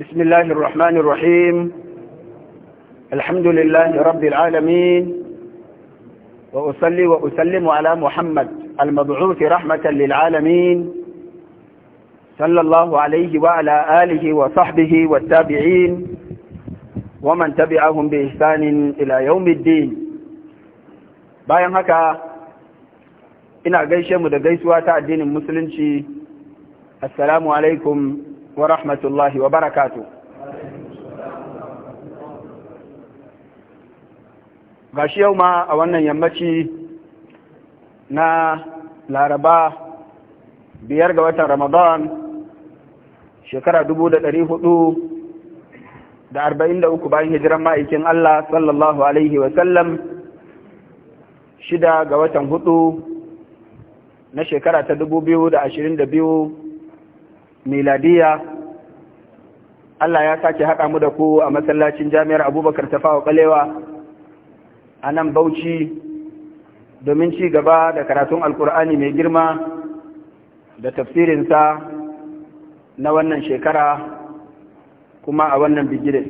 بسم الله الرحمن الرحيم الحمد لله رب العالمين وأصلي وأسلم على محمد المبعوث رحمة للعالمين صلى الله عليه وعلى آله وصحبه والتابعين ومن تبعهم بإحسان إلى يوم الدين bayan haka ina gaishe mu da gaisuwa ta addinin musulunci assalamu alaikum Wa rahmatullahi wa barakatu. Ga shi yau ma a wannan yammaci na laraba biyar ga watan ramadan shekara dubu da dari hudu da arba'in da uku bayan hijiran ma'aikin Allah sallallahu Alaihi wasallam shida ga watan hudu na shekara ta dubu biyu da ashirin da biyu miladiya Allah ya sake haɗa mu da ku a masallacin jami'ar abubakar wa ƙalewa a nan bauchi domin ci gaba da karatun alkur'ani mai girma da tafsirinsa na wannan shekara kuma a wannan bigire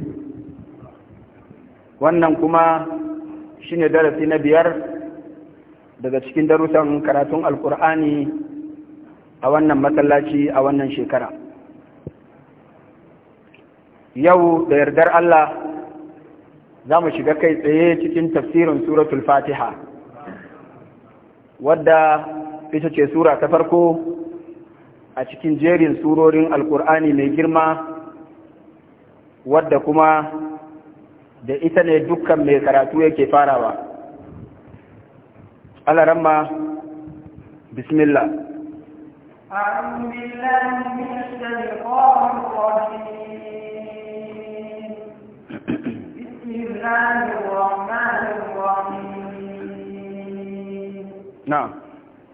wannan kuma shine darasi na biyar daga cikin darussan karatun alkur'ani a wannan masallaci a wannan shekara yau da yardar Allah za mu shiga kai tsaye cikin tafsirin suratul fatiha wadda ita ce sura ta farko a cikin jerin surorin alkur'ani mai girma wadda kuma da ita ne dukkan mai karatu yake farawa alaramma bismillah أعوذ بالله من الشيطان الرجيم بسم الله الرحمن الرحيم نعم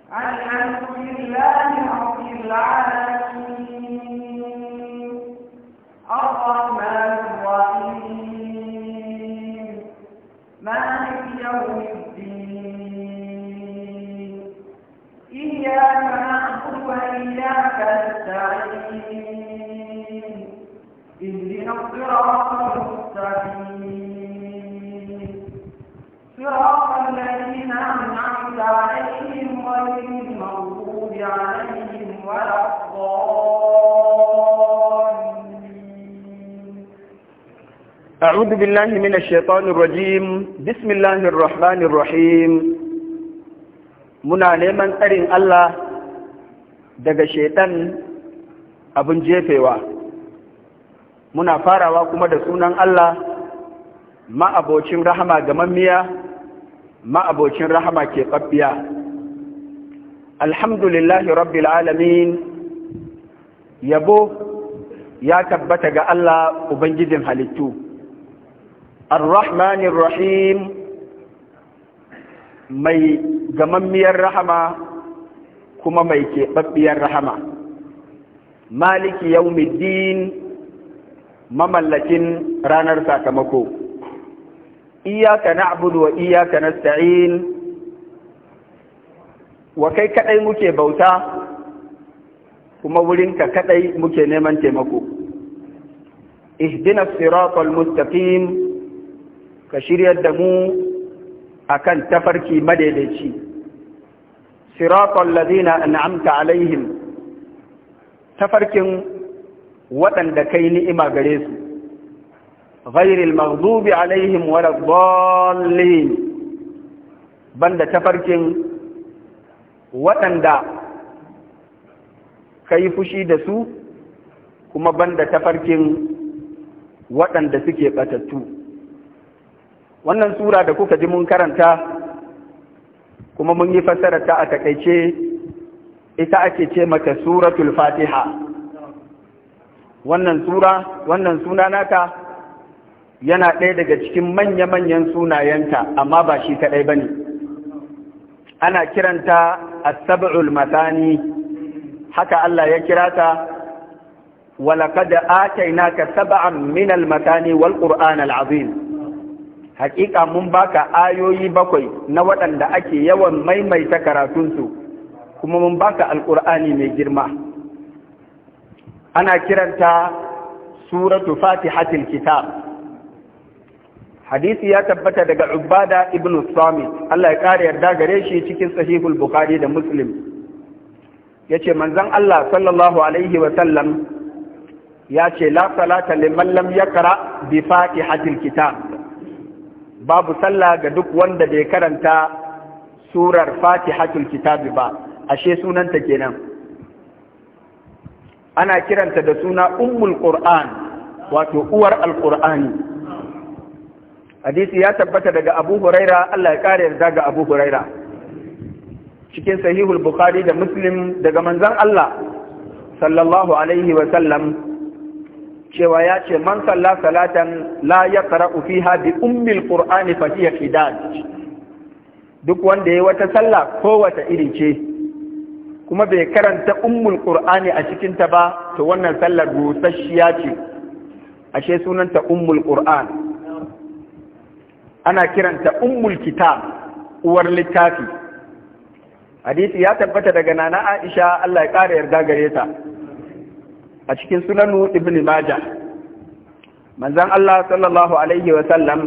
الحمد لله رب العالمين إياك نستعين اهدنا الصراط المستقيم صراط الذين أنعمت عليهم غير المغضوب عليهم ولا الضالين أعوذ بالله من الشيطان الرجيم بسم الله الرحمن الرحيم muna neman tsarin الله daga shaidan abin jefewa muna farawa kuma da sunan Allah ma'abocin rahama ga mammiya ma'abocin rahama ke babbiya alhamdulillahi rabbil alamin yabo ya tabbata ga Allah ubangijin halittu ar-rahmanir rahim mai gamammiyar rahama kuma mai keɓaɓɓiyar rahama maliki yaumiddin mamallakin ranar sakamako iyaka na'budu wa iyaka nasta'in wa kai kadai muke bauta kuma wurinka kadai muke neman taimako ihdina siratal mustaqim ka shiryar da mu akan tafarki madaidaici siratal ladina na'amta alaihim tafarkin waɗanda kai ni'ima gare su ghairil maghdubi alaihim wala dhallin banda tafarkin waɗanda kai fushi da su kuma banda tafarkin waɗanda suke batattu wannan sura da kuka ji mun karanta kuma mun yi fassarar ta a takaice ita ake ce mata suratul fatiha wannan sura wannan suna naka yana ɗaya daga cikin manya-manyan sunayenta amma ba shi kaɗai ba ne ana kiranta asab'ul matani haka Allah ya kira ta ولقد آتيناك سبعا من المثاني والقرآن العظيم hakika mun baka ayoyi bakwai na waɗanda ake yawan maimaita karatunsu kuma mun baka alƙur'ani mai girma ana kiranta suratu fatihatil kitab hadisi ya tabbata daga ubada ibn sami Allah ya ƙara yarda gare shi cikin sahihul bukhari da muslim ya ce manzon Allah sallallahu alaihi wa sallam ya ce la salata liman lam yakra bi fatihatil kitab babu sallah ga duk wanda bai karanta surar fatihatul kitabi ba ashe sunanta kenan ana kiranta da suna ummul qur'an wato uwar alqur'ani hadisi ya tabbata daga abu huraira Allah ya kare yarda ga abu huraira cikin sahihul bukhari da muslim daga manzon Allah sallallahu alaihi wa sallam cewa ya ce man salla salatan la ya ufi ha bi ummil qur'ani fa hiya duk wanda ya yi wata salla kowace iri ce kuma bai karanta ummul ƙur'ani a cikinta ba to wannan sallar rusasshiya ce ashe sunanta ummul ƙur'an ana kiranta ummul kitab uwar littafi hadisi ya tabbata daga nana Aisha Allah ya ƙara yarda gare ta a cikin sunanu ibn Majah manzon Allah sallallahu alaihi Wasallam,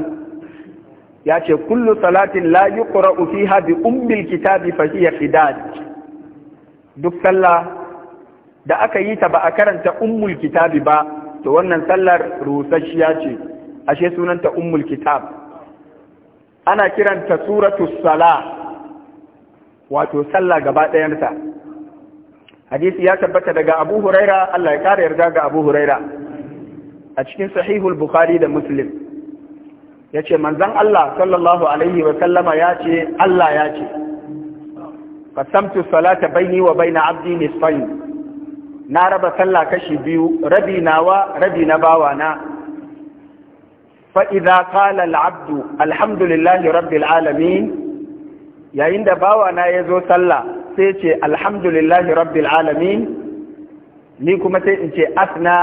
ya ce kullu salatin la yuqra'u fiha bi ummil kitabi fa hiya qidad duk sallah da aka yi ta ba a karanta ummul kitabi ba to wannan sallar rusasshiya ce ashe sunanta ummul kitab ana kiranta suratul sala wato sallah gaba ɗayanta hadisi ya tabbata daga Abu Huraira Allah ya kare yarda ga Abu Huraira a cikin sahihul Bukhari da Muslim ce, manzan Allah sallallahu alaihi wa sallama ce, Allah ya yace samtu salata baini wa baina abdi nisfain na raba sallah kashi biyu rabi nawa rabi na bawana fa idza qala al-abdu alhamdulillahi rabbil alamin yayin da bawana zo sallah sai ce alhamdulillahi rabbil alamin ni kuma sai in ce asna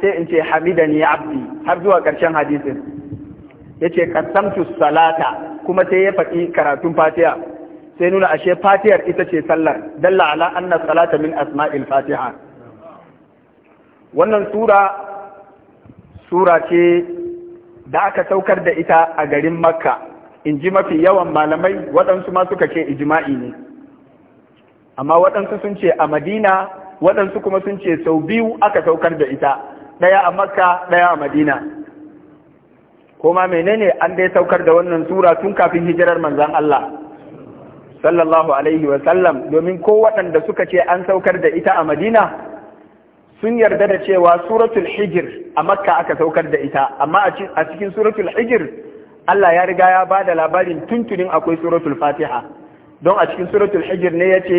sai in ce abdi har zuwa ƙarshen hadisin yace kasamtu salata kuma sai ya faɗi karatun fatiha sai nuna ashe fatihar ita ce sallar dalla ala anna salata min asma'il fatiha wannan sura sura ce da aka saukar da ita a garin makka in ji mafi yawan malamai waɗansu ma suka ce ijma'i ne amma waɗansu sun ce a madina waɗansu kuma sun ce sau biyu aka saukar da ita ɗaya a makka ɗaya a madina kuma menene an dai saukar da wannan sura tun kafin hijirar manzan Allah sallallahu alaihi wa sallam domin ko waɗanda suka ce an saukar da ita a madina sun yarda da cewa suratul hijir a makka aka saukar da ita amma a cikin suratul hijir Allah ya riga ya ba da labarin tuntunin akwai suratul fatiha don a cikin suratul hijr ne yace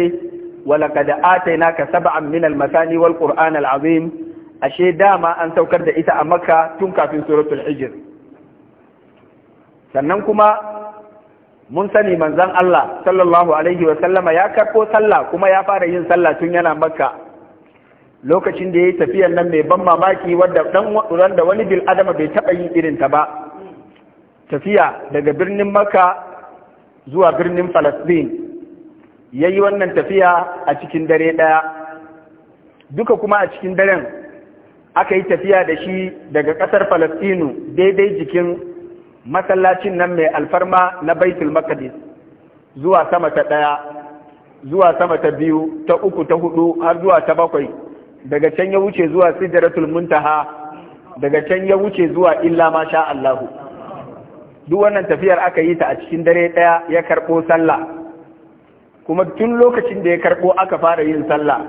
walaqad atainaka sab'an min al-masani wal qur'an al-azim ashe dama an saukar da ita a makka tun kafin suratul hijr sannan kuma mun sani manzon Allah sallallahu alaihi wa sallama ya karko sallah kuma ya fara yin sallah tun yana makka lokacin da yayi tafiyar nan mai ban mamaki wadda dan wani bil adama bai taba yin irin ta ba tafiya daga birnin makka zuwa birnin Falasɗin ya yi wannan tafiya a cikin dare ɗaya duka kuma a cikin daren aka yi tafiya da shi daga ƙasar Falasɗinu daidai jikin masallacin nan mai alfarma na baitul Makadis zuwa sama ta ɗaya zuwa sama ta biyu ta uku ta hudu har zuwa ta bakwai daga can ya wuce zuwa sidratul muntaha daga can ya wuce zuwa illa Masha Allahu duk wannan tafiyar aka yi ta a cikin dare ɗaya ya karɓo sallah kuma tun lokacin da ya karɓo aka fara yin sallah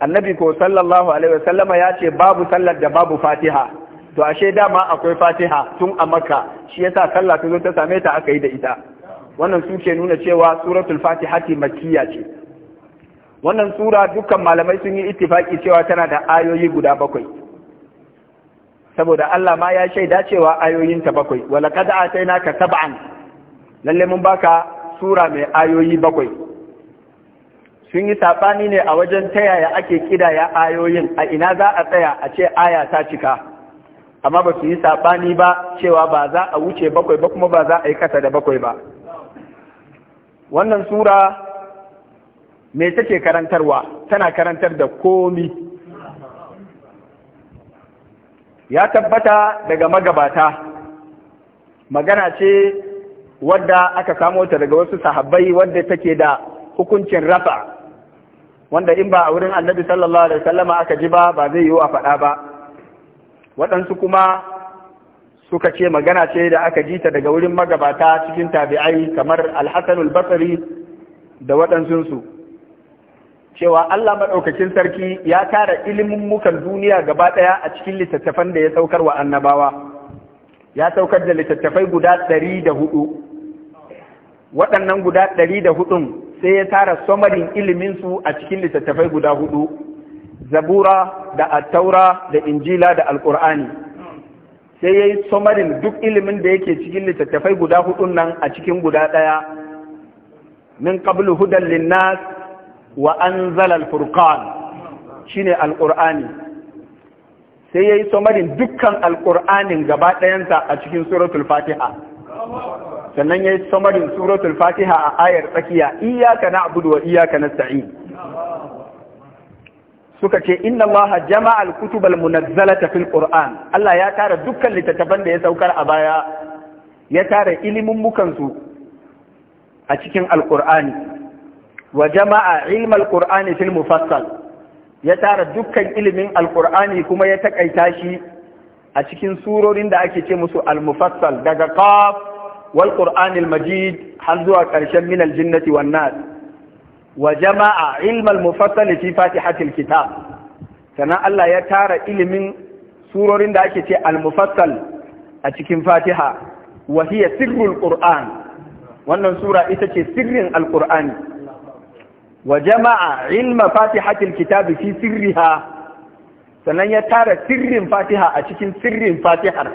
annabi ko sallallahu alaihi wasallama ya ce babu sallar da babu fatiha to ashe dama akwai fatiha tun a makka shi yasa sallah ta zo ta same ta aka yi da ita wannan su ke nuna cewa suratul fatihati makkiya ce wannan sura dukkan malamai sun yi ittifaki cewa tana da ayoyi guda bakwai saboda Allah ma ya shaida cewa ayoyin ta bakwai wala kad naka sab'an lalle mun baka sura mai ayoyi bakwai sun yi tafani ne a wajen ta yaya ake kidaya ayoyin a ina za a tsaya a ce aya ta cika amma ba su yi sabani ba cewa ba za a wuce bakwai ba kuma ba za a yi kasa da bakwai ba wannan sura me take karantarwa tana karantar da komi ya tabbata daga magabata magana ce wadda aka samo ta daga wasu sahabbai wadda take da hukuncin rafa wanda in ba a wurin annabi sallallahu alaihi wasallama aka ji ba ba zai yiwu a faɗa ba waɗansu kuma suka ce magana ce da aka ji ta daga wurin magabata cikin tabi'ai kamar Alhassan basri da waɗansunsu cewa Allah maɗaukakin sarki ya tara ilimin mukan duniya gaba ɗaya a cikin littattafan da ya saukar wa annabawa ya saukar da littattafai guda ɗari da hudu waɗannan guda ɗari da hudun sai ya tara somarin iliminsu a cikin littattafai guda hudu zabura da attaura da injila da alƙur'ani sai ya yi somarin duk ilimin da yake cikin littattafai guda hudun nan a cikin guda ɗaya min qablu hudan linnas wa furkan shine al-qur'ani sai yayi somarin dukkan al-qur'anin gaba a cikin suratul fatiha sannan yayi somarin suratul fatiha a ayar tsakiya na abudu wa na sa'i. suka ce inna jama'al kutubal al-kutub al-munazzalata Allah ya tara dukkan littattafan da ya saukar a baya ya tara ilimin mukansu a cikin al wa jama'a ilm alqur'ani fil mufassal ya tara dukkan ilimin alqur'ani kuma ya takaita shi a cikin surorin da ake ce musu al-mufassal daga qaf wal qur'anil majid har zuwa ƙarshen min al-jinnati wan nas wa jama'a ilm al-mufassal fi fatihatil kitab sannan Allah ya tara ilimin surorin da ake ce al-mufassal a cikin fatiha wa hiya sirrul qur'an wannan sura ita ce sirrin al-qur'ani wa jama'a ilma fatihatil kitabi fi sirriha sannan ya tara sirrin fatiha a cikin sirrin fatihar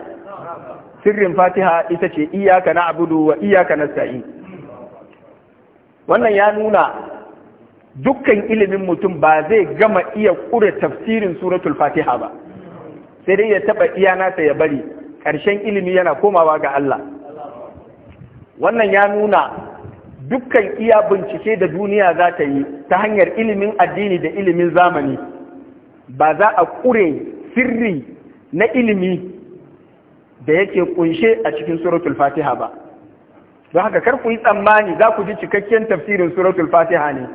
sirrin fatiha ita ce iyaka na abudu wa iyaka na sa'i wannan ya nuna dukkan ilimin mutum ba zai gama iya ƙure tafsirin suratul fatiha ba sai dai ya taɓa ta ya bari ƙarshen ilimi yana komawa ga Allah wannan ya nuna dukkan iya bincike da duniya za ta yi ta hanyar ilimin addini da ilimin zamani ba za a ƙure sirri na ilimi da yake ƙunshe a cikin suratul fatiha ba don haka kar ku yi tsammani za ku ji cikakken tafsirin suratul fatiha ne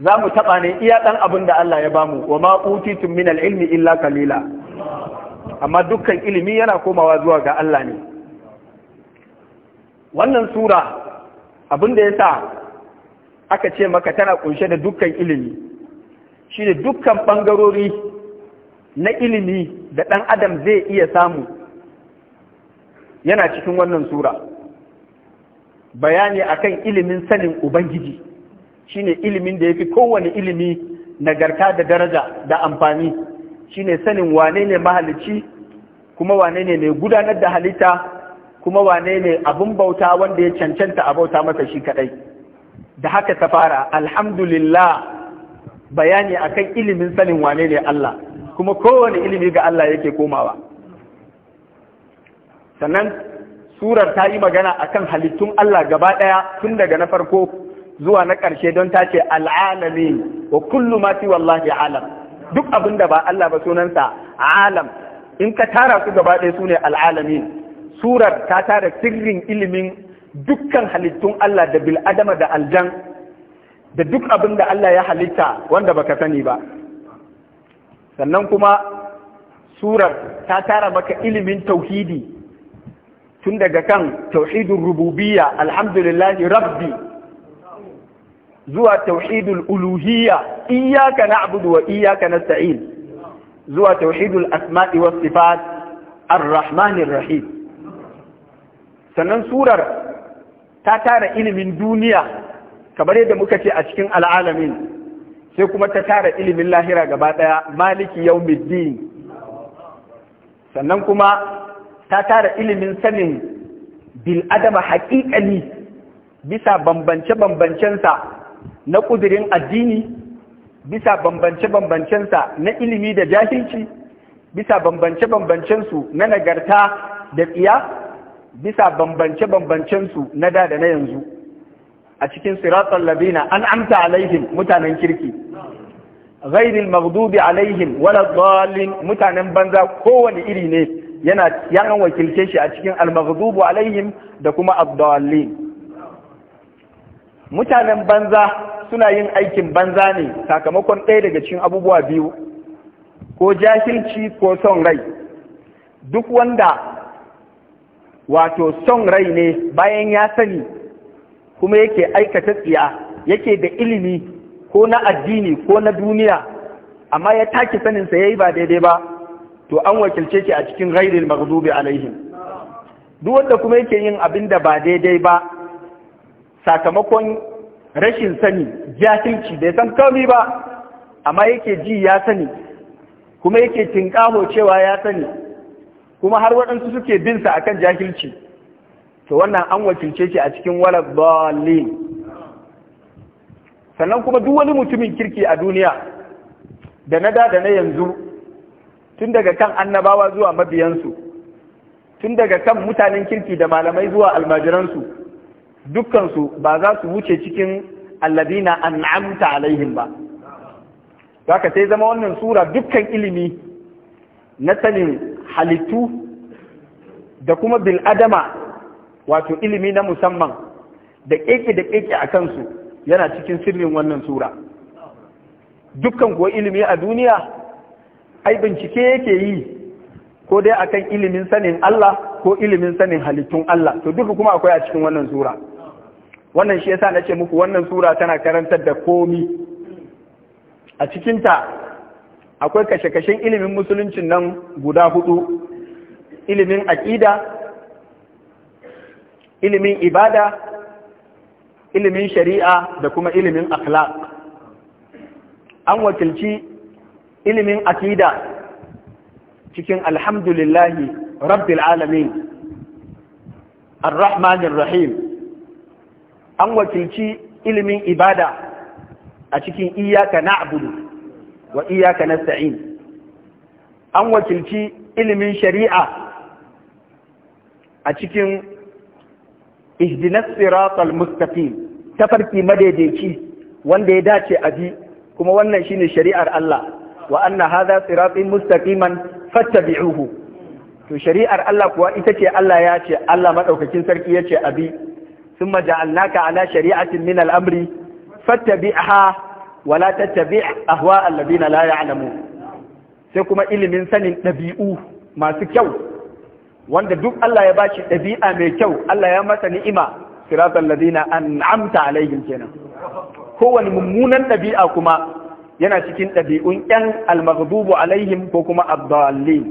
za mu taɓa ne iya ɗan abin da Allah ya bamu wa ma utitum min ilmi illa kalila amma dukkan ilimi yana komawa zuwa ga Allah ne wannan sura abin da ya sa aka ce maka tana kunshe da dukkan ilimi shi da dukkan ɓangarori na ilimi da ɗan adam zai iya samu yana cikin wannan sura bayani akan ilimin sanin ubangiji shine ilimin da ya fi kowane ilimi nagarta da daraja da amfani shine sanin wane ne mahalicci kuma wane ne mai gudanar da halitta kuma wane ne abin bauta wanda ya cancanta a bauta masa shi kaɗai? da haka ta fara alhamdulillah bayani akan ilimin sanin wane ne Allah kuma kowane ilimi ga Allah yake komawa sannan surar ta yi magana akan halittun Allah gaba ɗaya tun daga na farko zuwa na ƙarshe don ta ce al'alami wa kullu ma fi wallahi alam duk abin da ba Allah ba sunansa alam in ka tara su gaba ɗaya su ne al'alamin surar ta tara sirrin ilimin dukkan halittun Allah da bil'adama da aljan da duk abin da Allah ya halitta wanda baka sani ba sannan kuma surar ta tara maka ilimin tauhidi tun daga kan tauhidul rububiyya alhamdulillahi rabbi zuwa tauhidul uluhiyya iyyaka na'budu wa iyyaka nasta'in zuwa tauhidul asma'i was sifat ar rahim sannan surar ta tara ilimin duniya kamar yadda muka ce a cikin al'alamin sai kuma ta tara ilimin lahira gaba ɗaya maliki yaumiddin sannan kuma ta tara ilimin sanin bil'adama haƙiƙani bisa bambance-bambancensa na ƙudurin addini bisa bambance-bambancensa na ilimi da jahilci bisa bambance-bambancensu na nagarta da tsiya bisa bambance-bambancensu na da da na yanzu a cikin siratul labina an amta alaihim mutanen kirki ghairil maghdubi alaihim wala dhalin mutanen banza kowane iri ne yana yan wakilce shi a cikin al-maghdubu alaihim da kuma ad mutanen banza suna yin aikin banza ne sakamakon ɗaya daga cikin abubuwa biyu ko jahilci ko son rai duk wanda wato son rai ne bayan ya sani kuma yake aikata tsiya yake da ilimi ko na addini ko na duniya amma ya take saninsa ya yi ba daidai ba to an wakilce shi a cikin ghairil maghdubi alaihim duk wanda kuma yake yin abin da ba daidai ba sakamakon rashin sani jahilci bai san kawai ba amma yake ji ya sani kuma yake tinkaho cewa ya sani kuma har waɗansu suke bin sa kan jahilci to wannan an wakilce shi a cikin wala dalil sannan kuma duk wani mutumin kirki a duniya da na da da na yanzu tun daga kan annabawa zuwa mabiyansu tun daga kan mutanen kirki da malamai zuwa almajiransu dukkansu ba za su wuce cikin alladina an'amta alaihim ba zaka sai zama wannan sura dukkan ilimi na sanin halittu da kuma adama wato ilimi na musamman da keke da keke a kansu yana cikin sirrin wannan sura dukkan kuwa ilimi a duniya ai bincike yake yi ko dai akan ilimin sanin Allah ko ilimin sanin halittun Allah to duka kuma akwai a cikin wannan sura wannan shi yasa nace muku wannan sura tana karantar da komi a cikinta akwai kashe-kashen ilimin musuluncin nan guda hudu ilimin aƙida ilimin ibada ilimin shari'a da kuma ilimin akhlaq an wakilci ilimin aƙida cikin alhamdulillahi rabbil alamin ar rahim an wakilci ilimin ibada a cikin iyaka na'budu wa iyyaka nasta'in an wakilci ilimin shari'a a cikin ihdinas siratal mustaqim tafarki madaidaici wanda ya dace a bi kuma wannan shine shari'ar Allah wa anna hadha siratin mustaqiman fattabi'uhu to shari'ar Allah kuwa ita ce Allah ya ce Allah madaukakin sarki ya ce abi thumma ja'alnaka ala shari'atin min al-amri fattabi'ha wala tattabi ahwa alladina la ya'lamu sai kuma ilimin sanin ɗabi'u masu kyau wanda duk Allah ya bashi ɗabi'a mai kyau Allah ya masa ni'ima siratal ladina an'amta alaihim kenan kowane mummunan ɗabi'a kuma yana cikin ɗabi'un yan almaghdubu alaihim ko kuma abdallin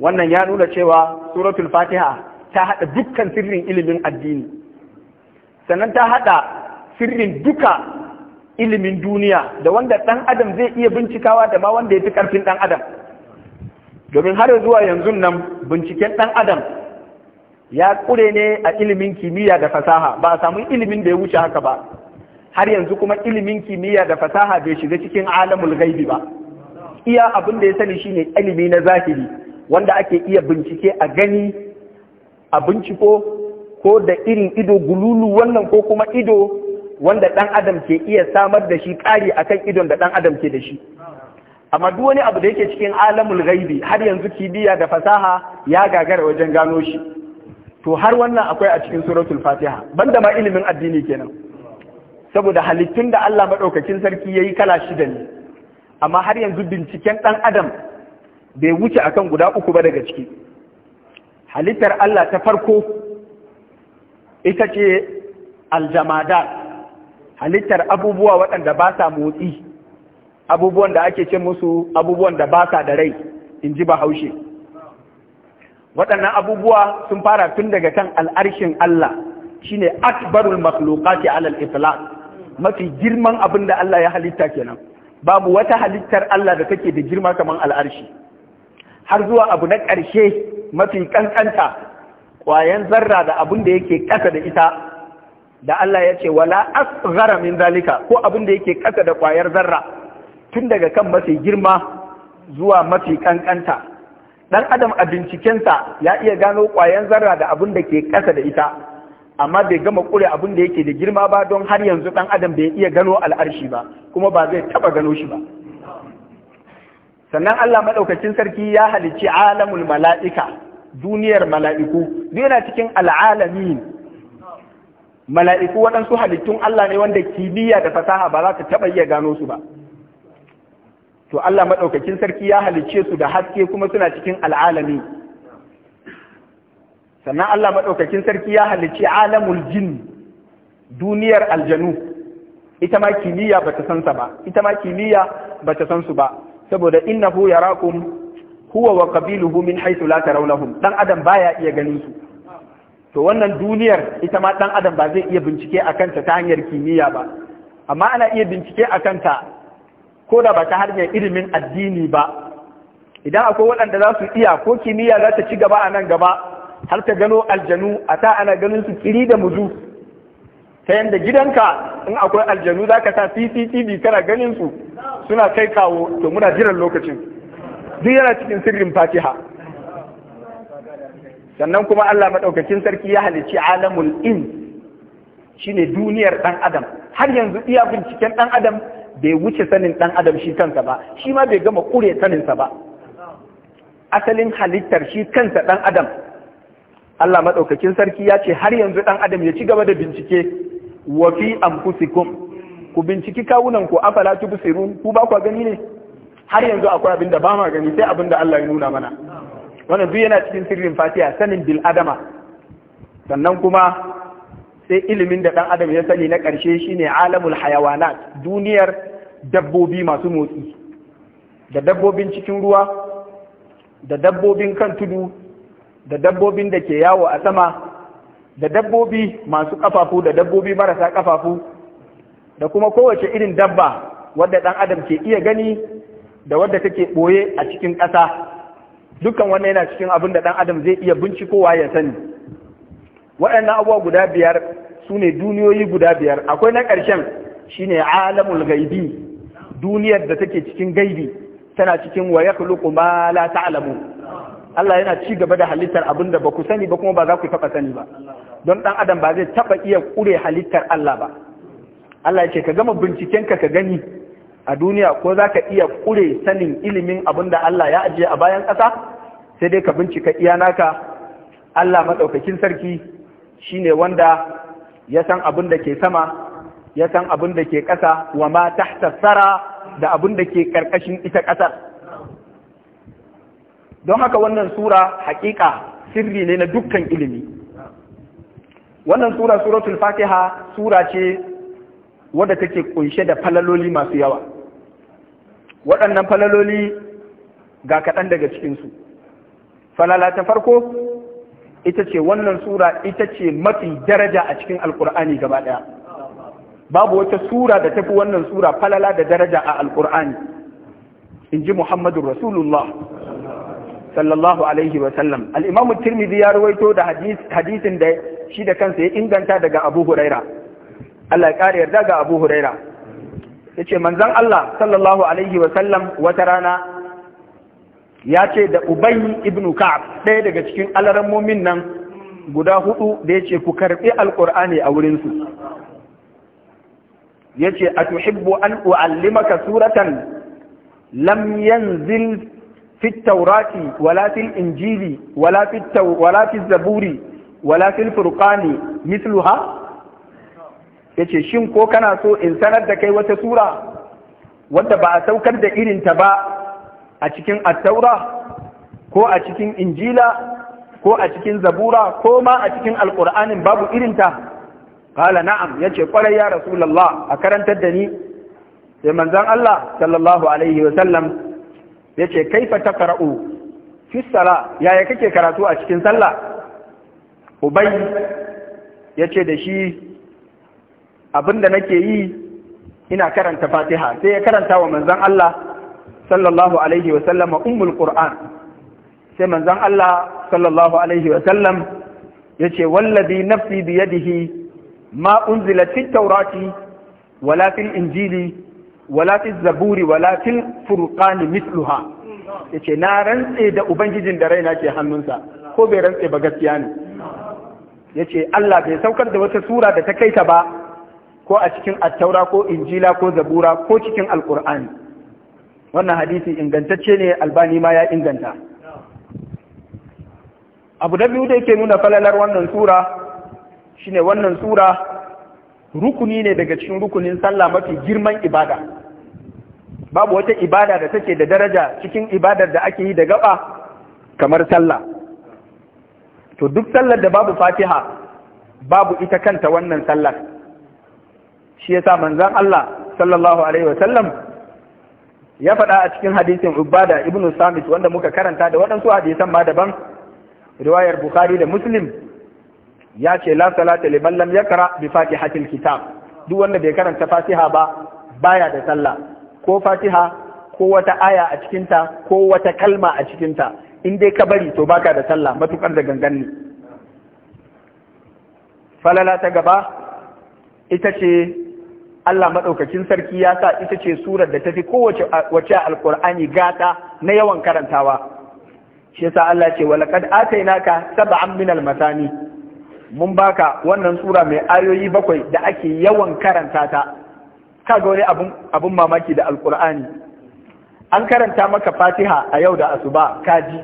wannan ya nuna cewa suratul fatiha ta haɗa dukkan sirrin ilimin addini sannan ta haɗa sirrin duka ilimin duniya da wanda ɗan adam zai iya bincikawa da ma wanda ya fi ƙarfin ɗan adam domin har zuwa yanzu nan binciken ɗan adam ya ƙure ne a ilimin kimiyya da fasaha ba a samu ilimin da ya wuce haka ba har yanzu kuma ilimin kimiyya da fasaha bai shiga cikin alamul gaibi ba iya abin da ya sani shi ne ilimi na zahiri wanda ake iya bincike a gani a binciko ko da irin ido gululu wannan ko kuma ido wanda ɗan adam ke iya samar da shi ƙari kan idon da ɗan adam ke da shi amma duk wani abu da yake cikin alamul gaibi har yanzu kibiya da fasaha ya gagara wajen gano shi to har wannan akwai a cikin suratul fatiha banda ma ilimin addini kenan saboda halittun da Allah maɗaukakin sarki ya yi kala shida ne amma har yanzu binciken ɗan adam bai wuce akan guda uku ba daga ciki halittar Allah ta farko ita ce aljamada halittar abubuwa waɗanda ba sa motsi abubuwan da ake ce musu abubuwan da ba sa da rai in ji bahaushe waɗannan abubuwa sun fara tun daga kan al'arshin Allah shine akbarul makhluqati alal itlaq mafi girman abin da Allah ya halitta kenan babu wata halittar Allah da take da girma kamar al'arshi har zuwa abu na ƙarshe mafi ƙanƙanta ƙwayan zarra da abin da yake ƙasa da ita da Allah ya ce wala asghara min zalika ko abin da yake kasa da kwayar zarra tun daga kan mafi girma zuwa mafi kankanta dan adam a bincikensa ya iya gano kwayan zarra da abin da ke kasa da ita amma bai gama kure abin da yake da girma ba don har yanzu dan adam bai iya gano al'arshi ba kuma ba zai taba gano shi ba sannan Allah maɗaukacin sarki ya halicci alamul mala'ika duniyar mala'iku duk yana cikin al'alamin mala'iku waɗansu halittun Allah ne wanda kimiyya da fasaha ba za ta taɓa iya gano su ba to Allah maɗaukakin sarki ya halicce su da haske kuma suna cikin al'alami sannan Allah maɗaukakin sarki ya halicce alamul jin duniyar aljanu ita ma kimiyya ba ta san sa ba ita ma kimiyya ba ta san su ba saboda innahu yarakum huwa wa qabiluhu min haythu la tarawnahum dan adam baya iya ganin su to wannan duniyar ita ma ɗan adam ba zai iya bincike a kanta ta hanyar kimiyya ba amma ana iya bincike a kanta ko da ba ta hanyar ilimin addini ba idan akwai waɗanda za su iya ko kimiyya za ta ci gaba a nan gaba har ta gano aljanu a ta ana ganin su kiri da muzu ta yadda gidanka in akwai aljanu za ka sa cctv kana ganin su suna kai kawo to muna jiran lokacin duk yana cikin sirrin fatiha sannan kuma Allah maɗaukakin sarki ya halicci alamul in shine duniyar ɗan adam har yanzu iya binciken ɗan adam bai wuce sanin ɗan adam shi kansa ba shi ma bai gama ƙure saninsa ba asalin halittar shi kansa ɗan adam Allah maɗaukakin sarki ya ce har yanzu ɗan adam ya ci gaba da bincike wa fi anfusikum ku binciki kawunan ku afala tubsirun ku ba ku gani ne har yanzu akwai abin da ba ma gani sai abin da Allah ya nuna mana wannan duk yana cikin sirrin fatiha sanin bil adama sannan kuma sai ilimin da ɗan adam ya sani na karshe shine alamul hayawanat duniyar dabbobi masu motsi da dabbobin cikin ruwa da dabbobin kan tudu da dabbobin da ke yawo a sama da dabbobi masu ƙafafu da dabbobi marasa ƙafafu da kuma kowace irin dabba wadda ɗan adam ke iya gani da wadda take ɓoye a cikin ƙasa dukkan wannan yana cikin abin da ɗan adam zai iya bincikowa ya sani waɗannan abuwa guda biyar su ne duniyoyi guda biyar akwai na ƙarshen shine alamul gaibi duniyar da take cikin gaibi tana cikin wa yakhluqu ma la ta'lamu Allah yana ci gaba da halittar abin da ba ku sani ba kuma ba za ku taɓa sani ba don ɗan adam ba zai taɓa iya ƙure halittar Allah ba Allah ya ce ka gama bincikenka ka gani a duniya ko za ka iya ƙure sanin ilimin abin da Allah ya ajiye a bayan ƙasa sai dai ka bincika iyanaka. Allah maɗaukakin sarki shi ne wanda ya san abin da ke sama ya san abin da ke ƙasa wa ma ta tattara da abin da ke ƙarƙashin ita ƙasar don haka wannan sura haƙiƙa sirri ne na dukkan ilimi wannan sura suratul fatiha sura ce wadda take kunshe da falaloli masu yawa waɗannan falaloli ga kaɗan daga cikinsu falala ta farko ita ce wannan sura ita ce mafi daraja a cikin alkur'ani gaba ɗaya babu wata sura da tafi wannan sura falala da daraja a alkur'ani in ji muhammadu rasulullah sallallahu alaihi wa sallam al tirmidhi ya rawaito da hadisin da shi da kansa ya inganta daga abu huraira Allah ya ƙara yarda ga abu huraira yace manzan Allah sallallahu alaihi wa wata rana ya ce da Ubay ibn Ka'ab ɗaya daga cikin alarammomin nan guda hudu da ya ce ku karɓi Alƙur'ani a wurin su a tuhibbu an uallimaka suratan lam yanzil fi taurati wala fi injili wala fi zaburi wala fi yace shin ko kana so in sanar da kai wata sura wadda ba a saukar da irinta ba a cikin attaura ko a cikin injila ko a cikin zabura ko ma a cikin alkur'anin babu irinta kala na'am yace kwarai ya rasulullah a karantar da ni sai manzan Allah sallallahu alaihi wa sallam yace kaifa taqra'u fi sala yaya kake karatu a cikin sallah ubay yace da shi abinda nake yi ina karanta fatiha sai ya karanta wa manzan Allah sallallahu alaihi wa sallama ummul qur'an sai manzan Allah sallallahu alaihi wa sallam yace wallazi nafsi biyadihi ma unzila fit tawrati wala fil injili wala fil zaburi wala fil furqani mithluha yace na rantse da ubangijin da raina ke hannunsa ko bai rantse ba gaskiya ne yace Allah bai saukar da wata sura da ta kaita ba ko a cikin attaura ko injila ko zabura ko cikin alkur'ani wannan hadisi ingantacce ne albani ma ya inganta abu da biyu da yake nuna falalar wannan shi shine wannan sura rukuni ne daga cikin rukunin sallah mafi girman ibada babu wata ibada da take da daraja cikin ibadar da ake yi da gaba kamar sallah to duk sallar da babu fatiha babu ita kanta wannan sallar shi yasa manzon Allah sallallahu alaihi wasallam ya faɗa a cikin hadisin Ubada ibn Samit wanda muka karanta da waɗansu hadisan ma daban riwayar Bukhari da Muslim ya ce la salata liman lam yakra bi fatihatil kitab duk wanda bai karanta Fatiha ba baya da sallah ko Fatiha ko wata aya a cikin ta ko wata kalma a cikin ta in dai ka bari to baka da sallah matukar da gangan ne falala ta gaba ita ce Allah maɗaukakin sarki ya sa ita ce surar da ta fi kowace wace alƙur'ani gata na yawan karantawa shi yasa Allah ce walaqad atainaka sab'an min almatani matani mun baka wannan sura mai ayoyi bakwai da ake yawan karanta ta kaga wani abun mamaki da alƙur'ani an karanta maka Fatiha a yau da asuba kaji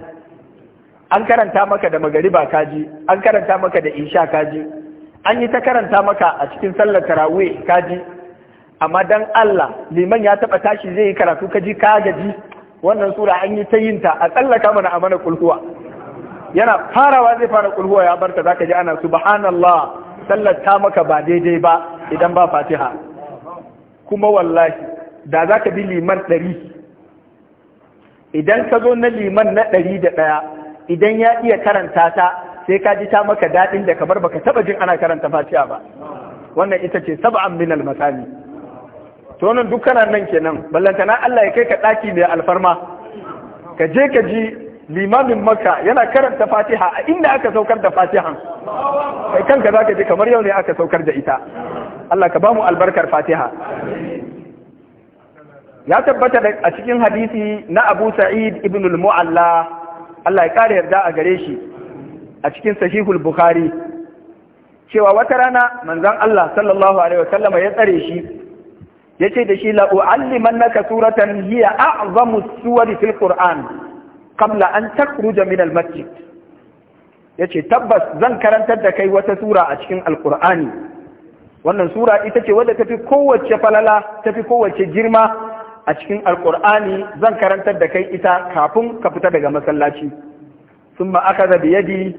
an karanta maka da magariba kaji an karanta maka da isha kaji an yi ta karanta maka a cikin sallar tarawih kaji amma dan Allah liman ya taba tashi zai yi karatu kaji ka gaji wannan sura an yi ta yin ta a tsallaka mana a mana kulhuwa yana farawa zai fara kulhuwa ya barta zaka ji ana subhanallah ta maka ba daidai ba idan ba fatiha kuma wallahi da zaka bi liman ɗari idan ka zo na liman na ɗari da ɗaya idan ya iya karanta ta sai ka ji ta maka daɗin da kamar baka taɓa jin ana karanta fatiha ba wannan ita ce sab'an min al-masani to wannan duk kana nan kenan ballantana Allah ya kai ka daki mai alfarma ka je ka ji limamin makka yana karanta fatiha a inda aka saukar da fatihan kai kanka ka ji kamar yau ne aka saukar da ita Allah ka bamu albarkar fatiha ya tabbata a cikin hadisi na Abu Sa'id ibn al-Mu'alla Allah ya kare yarda a gare shi a cikin sahihul Bukhari cewa wata rana manzon Allah sallallahu alaihi sallama ya tsare shi yace da shi la u'allimannaka suratan hiya a'zamu suwari fil qur'an qabla an takhruja min al masjid ce tabbas zan karantar da kai wata sura a cikin alqur'ani wannan sura ita ce wadda tafi kowace falala tafi kowace girma a cikin alqur'ani zan karantar da kai ita kafin ka fita daga masallaci summa akaza bi yadi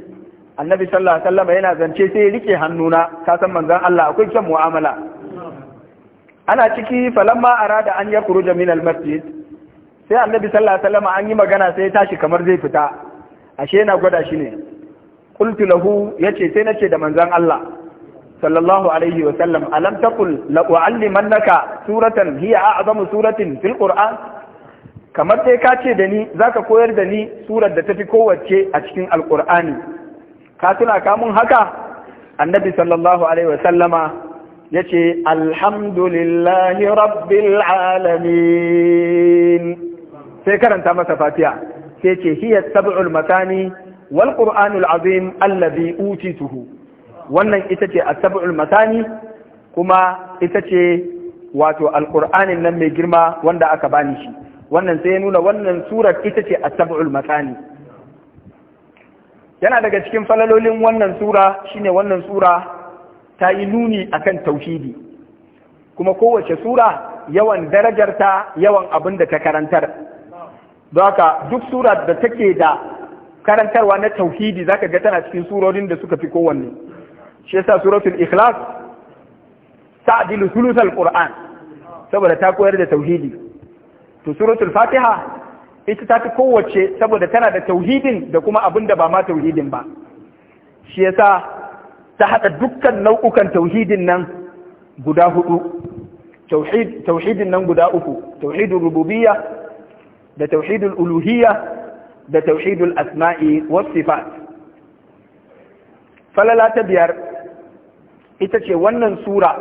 annabi sallallahu alaihi wasallam yana zance sai ya rike hannuna ka san manzon Allah akwai kyan mu'amala ana ciki falamma arada an ya kuru min almasjid sai annabi sallallahu alaihi wasallam an yi magana sai ya tashi kamar zai fita ashe na gwada shi ne qultu lahu yace sai nace da manzon Allah sallallahu alaihi wasallam alam taqul la uallimannaka suratan hiya a'zamu suratin fil qur'an kamar sai ka ce da ni zaka koyar da ni surar da tafi kowacce a cikin alqur'ani ka tuna ka mun haka annabi sallallahu alaihi wasallama yace alhamdulillahi rabbil alamin sai karanta masa fatiya sai ce hiya sab'ul matani wal qur'anul azim allazi utituhu wannan ita ce sabul matani kuma ita ce wato alqur'anin nan mai girma wanda aka bani shi wannan sai ya nuna wannan surar ita ce as-sab'ul matani yana daga cikin falalolin wannan sura shine wannan sura ta yi nuni a kan tauhidi kuma kowace sura yawan darajarta yawan abin da ta karantar haka duk sura da take da karantarwa na tauhidi zaka ga tana cikin surorin da suka fi kowanne shi yasa suratul ikhlas ta'dilu thuluthal qur'an saboda ta koyar da tauhidi to suratul fatiha ita ta fi kowace saboda tana da tauhidin da kuma abin da ba ma tauhidin ba shi yasa ta haɗa dukkan nau'ukan tauhidin nan guda hudu tauhidin nan guda uku tauhidul rububiyya da tauhidul uluhiyya da tauhidul asma'i was sifat falala ta biyar ita ce wannan sura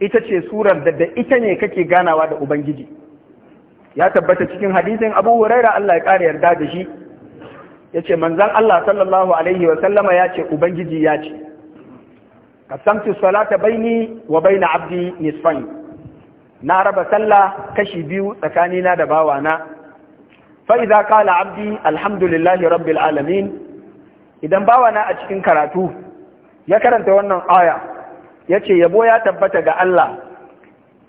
ita ce surar da da ita ne kake ganawa da ubangiji ya tabbata cikin hadisin abu huraira Allah ya ƙara yarda da shi ya ce manzan Allah sallallahu alaihi sallama ya ce ubangiji ya ce qasamtu salata baini wa baina abdi nisfan. na raba sallah kashi biyu tsakanina da bawana fa idza qala abdi alhamdulillahi rabbil alamin idan bawana a cikin karatu ya karanta wannan aya yace yabo ya tabbata ga Allah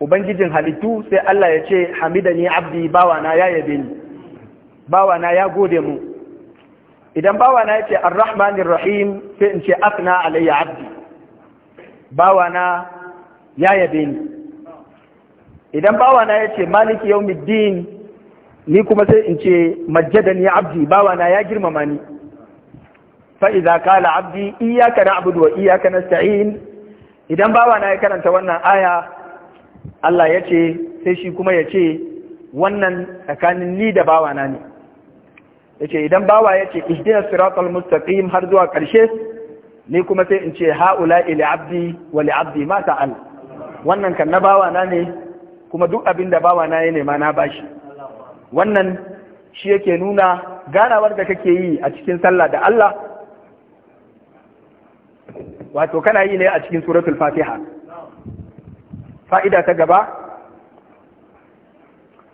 ubangijin halittu sai Allah ya ce hamidani abdi bawana ya yabe ni bawana ya gode mu idan bawana ya ce arrahmanir rahim sai in ce afna alayya abdi bawana ya yabe ni idan bawana ya ce maliki middin ni kuma sai in ce ni abdi bawana ya girmama ni faiza kala qala abdi iyyaka na'budu wa na nasta'in idan bawana ya karanta wannan aya Allah ya ce sai shi kuma ya ce wannan tsakanin ni da bawana ne yace idan bawa yace ihdinas siratal mustaqim har zuwa ƙarshe ni kuma sai in ce ha'ula ila abdi wa li abdi ma ta'al wannan kan na bawa na ne kuma duk abin da bawa na ne ma na bashi wannan shi yake nuna ganawar da kake yi a cikin sallah da Allah wato kana yi ne a cikin suratul fatiha fa'ida ta gaba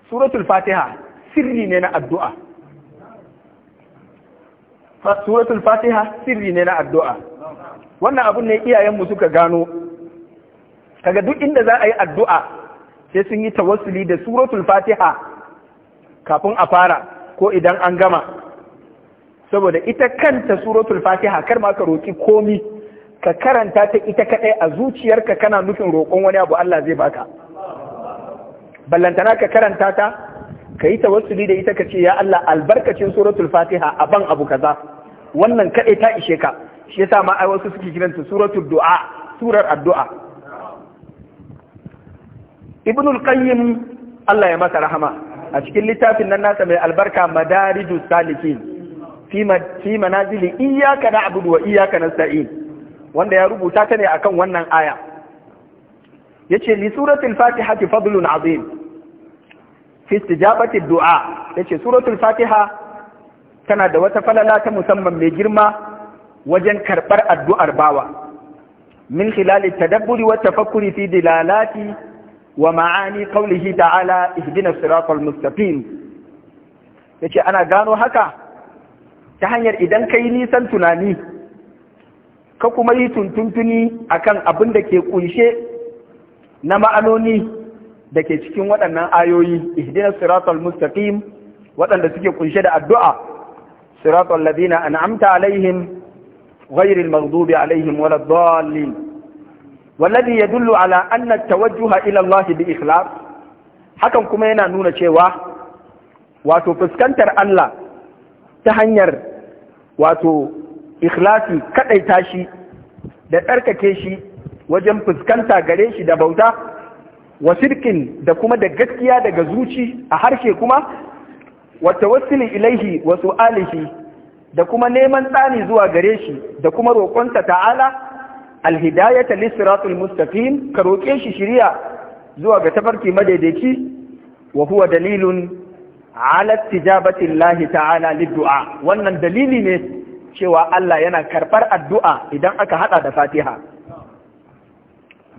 suratul fatiha sirri ne na addu'a suratul fatiha sirri ne na addu'a wannan abun ne iyayenmu suka gano kaga duk inda za a yi addu'a sai sun yi tawassuli da suratul fatiha kafin a fara ko idan an gama saboda ita kanta suratul fatiha kar ma ka roƙi komi ka karanta ta ita kaɗai a zuciyarka kana nufin roƙon wani abu Allah zai baka ballantana ka karanta ta ka yi tawassuli da ita ka ce ya Allah albarkacin suratul fatiha a ban abu kaza wannan kaɗai ta ishe ka shi yasa ma ai wasu suke kiranta suratul du'a surar addu'a ibnul qayyim Allah ya masa rahama a cikin littafin nan nasa mai albarka madarijus salikin fi manazili iyyaka na'budu wa iyyaka nasta'in wanda ya rubuta ta ne akan wannan aya yace li suratul fatiha fadlun azim fi istijabati du'a yace suratul fatiha tana da wata falala ta musamman mai girma wajen karɓar addu'ar bawa min khilali tadabburi wa tafakkuri fi dilalati wa ma'ani qawlihi ta'ala ihdina siratal mustaqim ce ana gano haka ta hanyar idan kayi nisan tunani ka kuma yi tuntuntuni akan abin da ke kunshe na ma'anoni da ke cikin waɗannan ayoyi ihdina siratal mustaqim waɗanda suke kunshe da addu'a siratal ladina an'amta alaihim غير المغضوب عليهم ولا الضالين والذي يدل على أن التوجه إلى kuma yana nuna cewa, نونة شواه واتو فسكنتر ألا تهنير واتو إخلاصي كأي تاشي da tsarkakeshi wajen fuskanta gare shi da bauta wa shirkin da kuma da gaskiya daga zuci a harshe kuma wa tawassuli ilaihi wa Alihi. da kuma neman tsani zuwa gare shi da kuma roƙonsa ta'ala alhidayata lissiratul mustafin ka roƙe shi shirya zuwa ga tafarki madaidaici wa huwa dalilun ala tijabati ta'ala liddu'a wannan dalili ne cewa Allah yana karɓar addu'a idan aka haɗa da Fatiha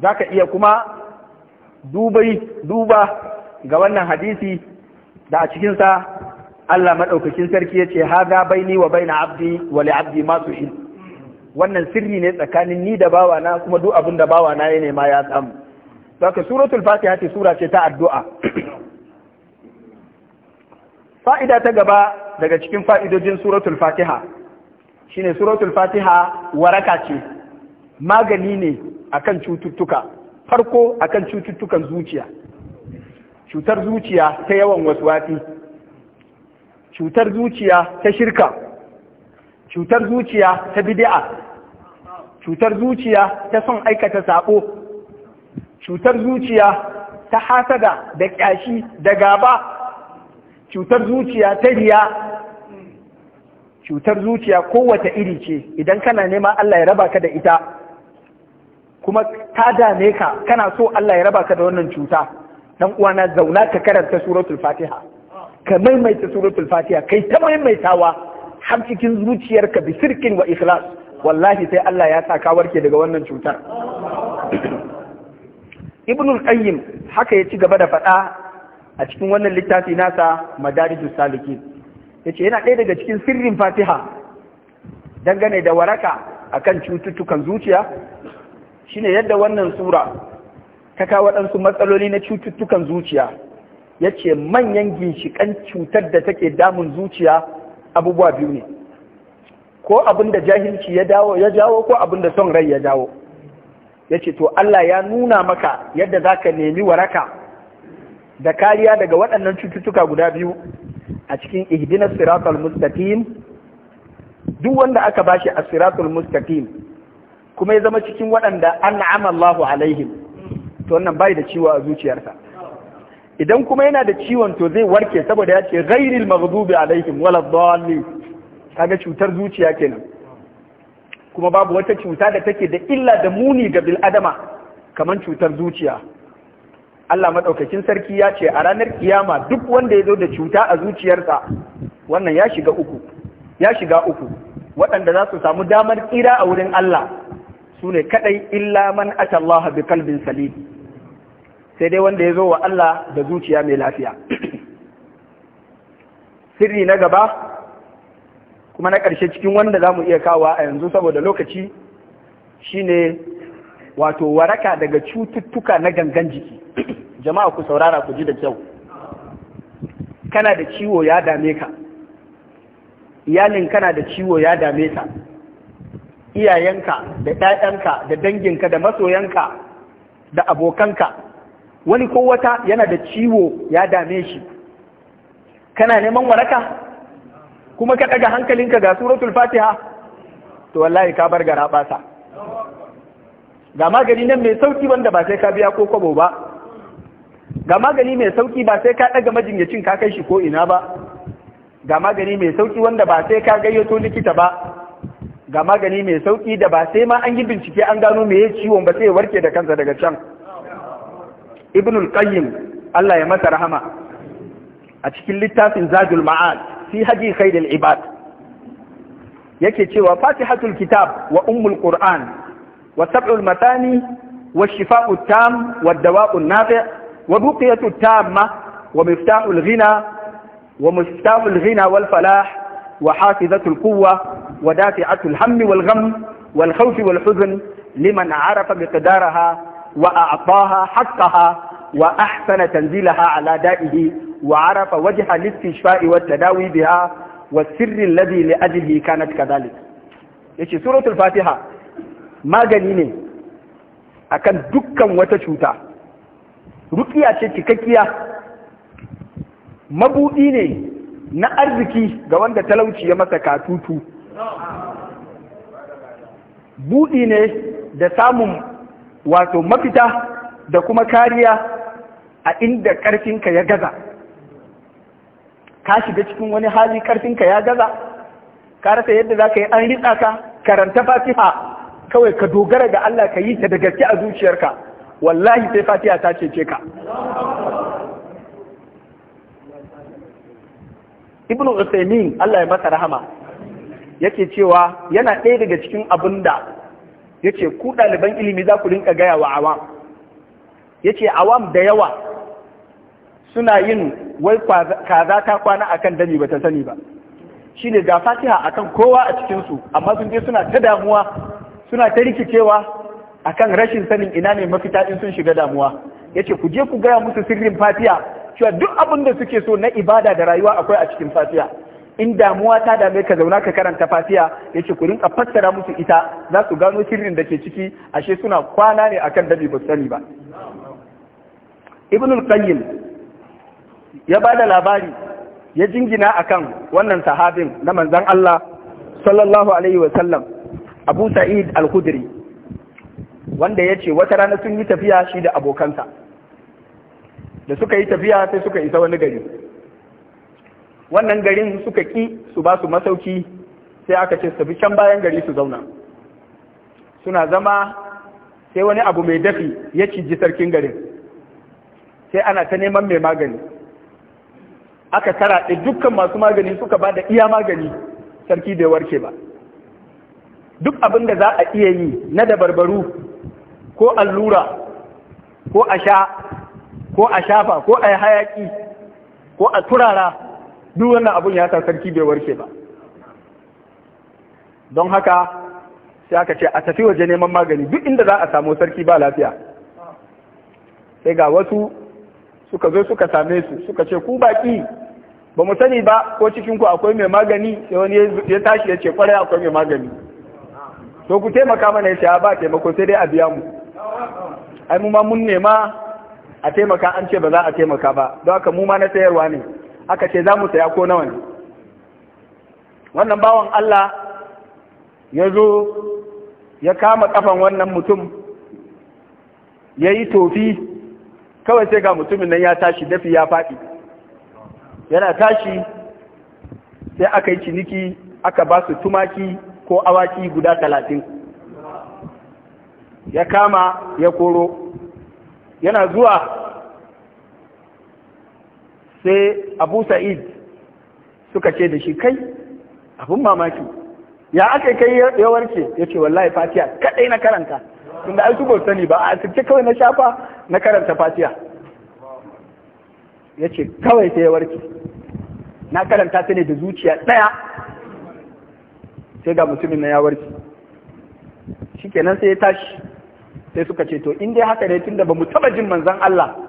Za ka iya kuma dubai duba ga wannan hadisi da a cikinsa Allah maɗaukakin sarki ya ce, haza ni wa baina abdi wa li abdi masu shi. wannan sirri ne tsakanin ni da bawana kuma duk abin da bawana ya nema ya samu saka suratul fatiha ce sura ce ta addu'a fa'ida ta gaba daga cikin fa'idojin suratul fatiha shine suratul fatiha waraka ce magani ne akan cututtuka farko akan cututtukan zuciya cutar zuciya ta yawan wasu wafi cutar zuciya ta shirka cutar zuciya ta bid'a cutar zuciya ta son aikata sabo cutar zuciya ta hasada da kyashi da gaba cutar zuciya ta riya cutar zuciya kowace iri ce idan kana nema Allah ya raba ka da ita kuma ta dame ka kana so Allah ya raba ka da wannan cuta dan uwana zauna ka karanta suratul fatiha ka maimaita suratul fatiha kai ta maimaitawa har cikin zuciyarka bi sirkin wa ikhlas wallahi sai Allah ya sa warke daga wannan cutar ibnul qayyim haka ya ci gaba da faɗa a cikin wannan littafi nasa madarijus salikin yace yana ɗaya daga cikin sirrin fatiha dangane da waraka akan cututtukan zuciya shine yadda wannan sura ta kawo waɗansu matsaloli na cututtukan zuciya ya ce manyan ginshikan cutar da take damun zuciya abubuwa biyu ne ko abin da jahilci ya dawo ya jawo ko abin da son rai ya jawo ya ce to Allah ya nuna maka yadda za ka nemi waraka da kariya daga waɗannan cututtuka guda biyu a cikin ihdinas siratul mustaqim duk wanda aka bashi a siratul mustaqim kuma ya zama cikin waɗanda an'ama Allahu alaihim to wannan bai da ciwo a zuciyarsa idan kuma yana da ciwon to zai warke saboda ya ce ghairil maghdubi alaihim wala dhalli kaga cutar zuciya kenan kuma babu wata cuta da take da illa da muni ga bil adama kaman cutar zuciya Allah madaukakin sarki ya ce a ranar kiyama duk wanda ya zo da cuta a zuciyarsa wannan ya shiga uku ya shiga uku waɗanda za su samu damar tsira a wurin Allah su ne kaɗai illa man atallaha bi kalbin salim sai dai wanda ya zo wa Allah da zuciya mai lafiya sirri na gaba kuma na ƙarshe cikin wanda za mu iya kawa a yanzu saboda lokaci shine wato waraka daga cututtuka na gangan jiki jama'a ku saurara ku ji da kyau kana da ciwo ya dame ka iyalin kana da ciwo ya dame ka. iyayenka da 'ya'yanka da danginka da masoyanka da abokanka wani kowata yana da ciwo ya dame shi kana neman waraka kuma ka ɗaga hankalinka ga suratul fatiha to wallahi ka bar gara basa ga magani nan mai sauki wanda ba sai ka biya ko kwabo ba ga magani mai sauki ba sai ka ɗaga majinyacin ka kai shi ko ina ba ga magani mai sauki wanda ba sai ka gayyato likita ba ga magani mai sauƙi da ba sai ma an yi bincike an gano me ya ciwon ba sai ya warke da kansa daga can ibnul qayyim Allah ya mata rahama a cikin littafin zadul ma'ad fi haji khairul ibad yake cewa fatihatul kitab wa ummul qur'an wa sab'ul matani wa shifa'u tam wa dawa'u nafi' wa buqiyatu tamma wa miftahul ghina wa miftahul ghina wal falah wa hafizatul quwwa wa dafi'atul hammi wal gham wal khawfi wal huzn liman arafa miqdaraha wa a'taha haqqaha wa ahsana tanzilaha ala da'ihi wa arafa wajha al-istishfa'i wa tadawi biha wa sirri alladhi li ajlihi kanat kadhalik yace suratul fatiha magani ne akan dukkan wata cuta rukiya ce cikakkiya mabudi ne na arziki ga wanda talauci ya masa katutu buɗi ne da samun wato mafita da kuma kariya a inda ƙarfinka ya gaza ka shiga cikin wani hali ƙarfinka ya gaza ka rasa yadda za ka yi an ritsa ka karanta fatiha kawai ka dogara ga Allah ka yi ta da gaske a zuciyarka wallahi sai fatiha ta cece ka ibnu usaimin Allah ya masa rahama yake cewa yana ɗaya daga cikin abin da yace ku ɗaliban ilimi za ku rinka gaya wa awam yace awam da yawa suna yin wai kaza ta kwana akan dami ta sani ba Shi ne ga fatiha akan kowa a cikinsu, amma sun je suna ta damuwa suna ta rikicewa akan rashin sanin ina ne mafita in sun shiga damuwa yace ku je ku gaya musu sirrin fatiha cewa duk abin da suke so na ibada da rayuwa akwai a cikin fatiha in damuwa ta dame ka zauna ka karanta ya ce ku rinka fassara musu ita za su gano sirrin da ke ciki ashe suna kwana ne akan dabi ba sani ba ibn al-qayyim ya bada labari ya jingina akan wannan sahabin na manzon Allah sallallahu alaihi wa Abu Sa'id al-Khudri wanda ya ce wata rana sun yi tafiya shi da abokansa da suka yi tafiya sai suka isa wani gari wannan garin suka ƙi su ba su masauki sai aka ce su bi can bayan gari su zauna suna zama sai wani abu mai dafi ya ciji sarkin garin sai ana ta neman mai magani aka da dukkan masu magani suka ba da iya magani sarki bai warke ba duk abin da za a iya yi na dabarbaru ko allura ko a sha ko a shafa ko a yi hayaki, ko a turara duk wannan abun ya sa sarki bai warke ba don haka sai aka ce a tafi waje neman magani duk inda za a samu sarki ba lafiya sai ga wasu suka zo suka same su suka ce ku baki ba mu sani ba ko cikin ku akwai mai magani sai wani ya tashi ya ce kwarai akwai mai magani to ku taimaka mana ya ba taimako sai dai a biya mu ai mu ma mun nema a taimaka an ce ba za a taimaka ba don haka mu ma na sayarwa ne aka ce za mu saya ko nawa ne wannan bawan Allah ya zo ya kama kafan wannan mutum ya yi tofi kawai sai ga mutumin nan ya tashi dafi ya faɗi yana tashi sai aka yi ciniki aka ba su tumaki ko awaki guda talatin ya kama ya koro yana zuwa sai abu sa'id suka ce da shi kai abin mamaki ya aka kai yawar ce ya ce wallahi fatiya kadai na karanta tunda ai tubo sani ba a asirce kawai na shafa na karanta fatiya ya ce kawai sai yawar ce na karanta ta ne da zuciya ɗaya sai ga mutumin na ce shi kenan sai ya tashi sai suka ce to in dai haka ne tunda ba mu taɓa jin manzan Allah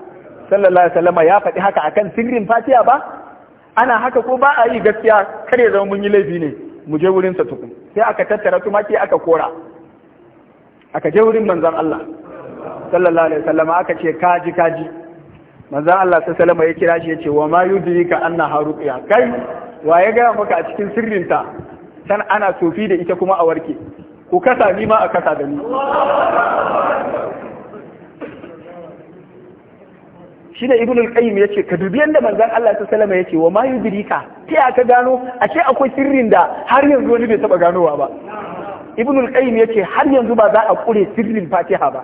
sallallahu alaihi wasallam ya faɗi haka akan sirrin fatiha ba ana haka ko ba a yi gaskiya kar ya zama mun yi laifi ne mu je wurin sa tukun sai aka tattara tumaki aka kora aka je wurin manzon Allah sallallahu alaihi wasallam aka ce kaji kaji manzon Allah sallallahu alaihi ya kira shi ya ce wa ma yudrika anna haruqiya kai wa ya gaya maka a cikin sirrinta san ana sofi da ita kuma a warke ku kasa ni ma a kasa da ni shi ne ibn al-qayyim yace ka dubi yanda manzon Allah ta ya yace wa ma yudrika ta ya ka gano ashe akwai sirrin da har yanzu wani bai taba ganowa ba ibn al-qayyim yace har yanzu ba za a kure sirrin Fatiha ba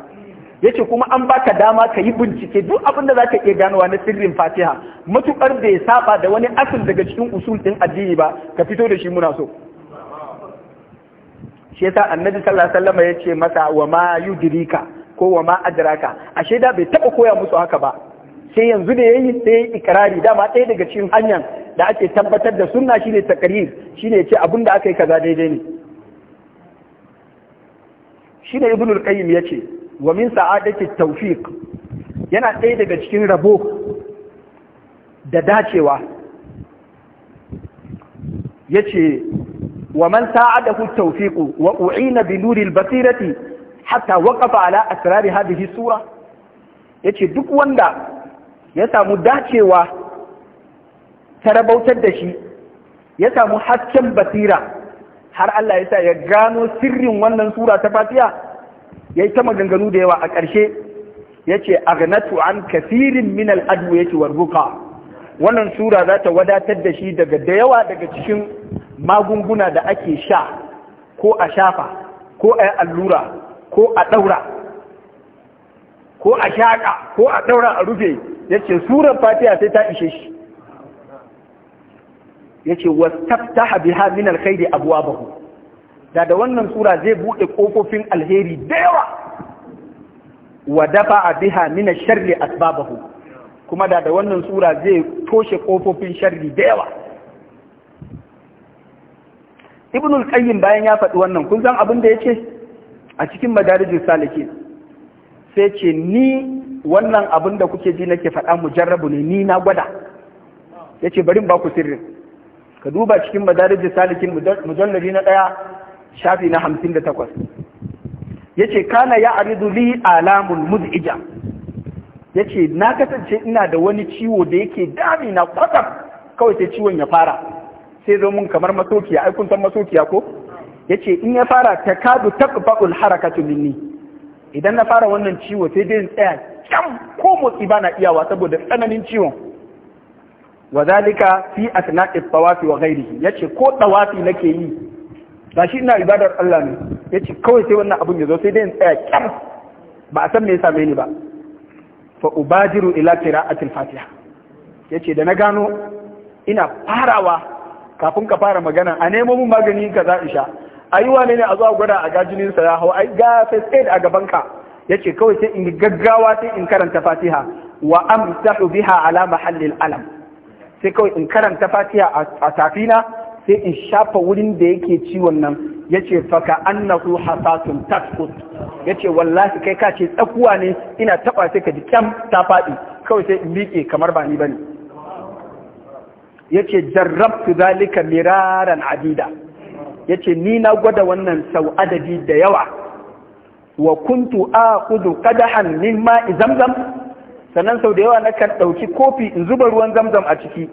yace kuma an baka dama ka yi bincike duk abin da za ka iya ganowa na sirrin Fatiha matukar ya saba da wani asal daga cikin usul ɗin addini ba ka fito da shi muna so shi yasa annabi sallallahu alaihi wasallam yace masa wa ma yudrika ko wa ma adraka ashe da bai taba koya musu haka ba sai yanzu da yayi sai ikirari, dama ɗaya daga cikin hanyar da ake tabbatar da sunna shine takrir shine ce abin da aka yi kaza daidai ne shine ibnu al-qayyim yace wa min sa'adati tawfiq yana ɗaya daga cikin rabo da dacewa yace wa man sa'adahu tawfiq wa u'ina bi nuril basirati hatta waqafa ala asrar hadhihi sura yace duk wanda ya samu dacewa ta rabautar da shi ya samu hasken basira har Allah ya sa ya gano sirrin wannan sura ta Fatiya? ya yi ta maganganu da yawa a ƙarshe ya ce agnatu an kafirin min al'adu ya ce warbuka wannan sura za ta wadatar da shi daga da yawa daga cikin magunguna da ake sha ko a shafa ko a yi allura ko a ɗaura ko a shaƙa ko a ɗaura a rufe yace surar fatiha sai ta ishe shi yace wastaftaha biha min alkhairi bahu, da da wannan sura zai bude kofofin alheri da yawa wa a biha min asharri asbabahu kuma da da wannan sura zai toshe ƙofofin sharri da yawa ibnul qayyim bayan ya faɗi wannan kun san abin da yace a cikin madarijin salikin sai ce ni wannan abin da kuke ji nake faɗa mujarrabu ne ni na gwada ce bari ba ku sirrin ka duba cikin madarijin salikin mujallari na ɗaya shafi na hamsin da takwas Ya ce kana ya aridu li alamun muz'ija ce na kasance ina da wani ciwo da yake dami na kwatsam kawai sai ciwon ya fara sai zo mun kamar masokiya ai kun san masokiya ko yace in ya fara takadu taqba'ul harakatu minni idan na fara wannan ciwo sai dai tsaya can ko motsi ba na iyawa saboda tsananin ciwon wa zalika fi asna'i tawafi wa ghairihi yace ko tawafi nake yi gashi ina ibadar Allah ne yace kawai sai wannan abun ya zo sai dai in tsaya kyam ba a san me ya same ni ba fa ubadiru ila qira'atil fatiha yace da na gano ina farawa kafin ka fara magana a nemo mun magani kaza isha ayi wane ne a zuwa gwada a gajininsa ya hau ai ga sai tsaye a gaban yace kawai sai in gaggawa sai in karanta fatiha wa amsahu biha ala mahallil alam sai kawai in karanta fatiha a safina sai in shafa wurin da yake ciwon nan yace faka annahu hasatun tasqut yace wallahi kai ka ce tsakuwa ne ina taba sai ka ji kyam ta fadi kawai sai in miƙe kamar ba ni bane yace jarrabtu zalika miraran adida yace ni na gwada wannan sau adadi da yawa wa kuntu kudu qadahan min ma'i zamzam sannan sau da yawa na kan ɗauki kofi in zuba ruwan zamzam a ciki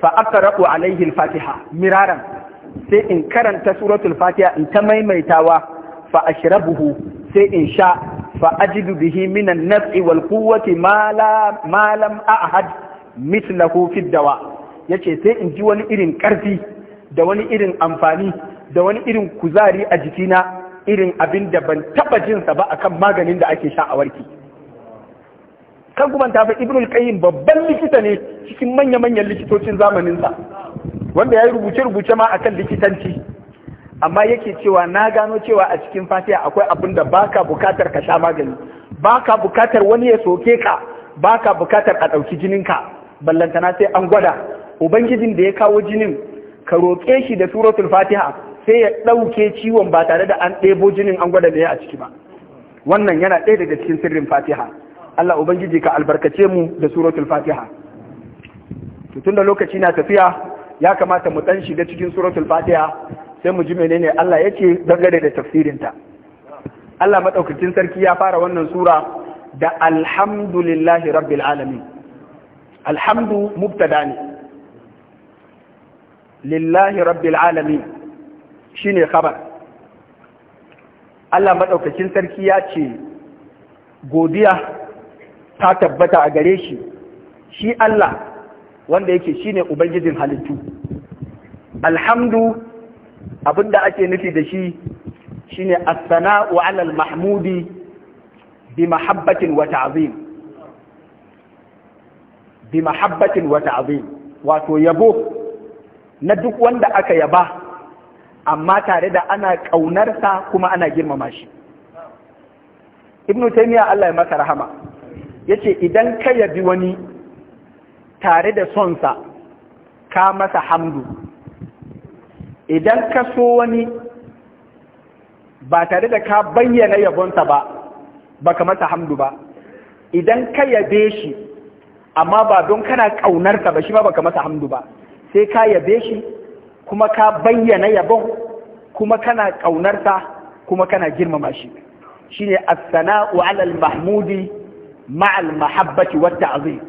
fa aqra'u alaihi fatiha miraran sai in karanta suratul fatiha in ta maimaitawa fa ashrabuhu sai in sha fa ajidu bihi minan nafi wal quwwati ma ahad mithlahu fi dawa yace sai in ji wani irin karfi da wani irin amfani da wani irin kuzari a jikina irin abin da ban taba jinsa ba akan maganin da ake sha a warki kan kuma tafi ibnul qayyim babban likita ne cikin manya-manyan likitocin zamaninsa wanda ya yi rubuce-rubuce ma akan likitanci amma yake cewa na gano cewa a cikin fatiha akwai abin da baka bukatar ka sha magani baka bukatar wani ya soke ka baka bukatar a ɗauki jininka ballantana sai an gwada ubangijin da ya kawo jinin ka roƙe shi da suratul fatiha sai ya ɗauke ciwon ba tare da an ɗebo jinin an gwada da a ciki ba wannan yana ɗaya daga cikin sirrin fatiha Allah ubangiji ka albarkace mu da suratul fatiha tun da lokaci na tafiya ya kamata mu ɗan shiga cikin suratul fatiha sai mu ji menene Allah ya ce dangane da tafsirinta Allah maɗaukacin sarki ya fara wannan sura da alhamdulillahi rabbil alamin alhamdu mubtada ne lillahi rabbil alamin Shi ne khabar Allah maɗaukacin sarki ya ce godiya ta tabbata a gare shi shi Allah wanda yake shi ne ubangijin halittu alhamdu abinda ake nufi da shi shine ne sanau 'ala al-mahmudi bi mahabbatin wata azim bi mahabbatin wata azim wato yabo na duk wanda aka yaba amma tare da ana ƙaunarsa kuma ana girmama shi ibnu taymiya Allah ya masa rahama yace idan ka yabi wani tare da sonsa ka masa hamdu idan ka so wani ba tare da ka bayyana yabonsa ba ba ka masa hamdu ba idan ka yabe shi amma ba don kana ƙaunarsa ba shi ba ka masa hamdu ba sai ka yabe shi kuma ka bayyana yabon kuma kana ƙaunarsa kuma kana girmama shi shine as-sana'u 'ala al-mahmudi ma'al mahabbati wa ta'zim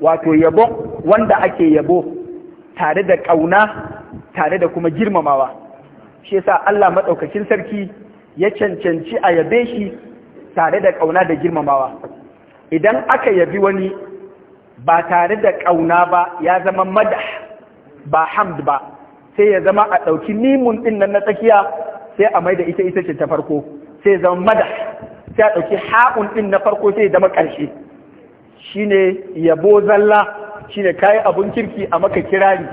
wato yabo wanda ake yabo tare da ƙauna tare da kuma girmamawa shi yasa Allah madaukakin sarki ya cancanci a yabe shi tare da ƙauna da girmamawa idan aka yabi wani ba tare da ƙauna ba ya zama madah ba hamd ba sai ya zama a ɗauki mimun ɗin nan na tsakiya sai a mai da ita ita ce ta farko sai zama mada sai a ɗauki ha'un ɗin na farko sai ya zama ƙarshe ne yabo zalla ne kayi abun kirki a maka kirari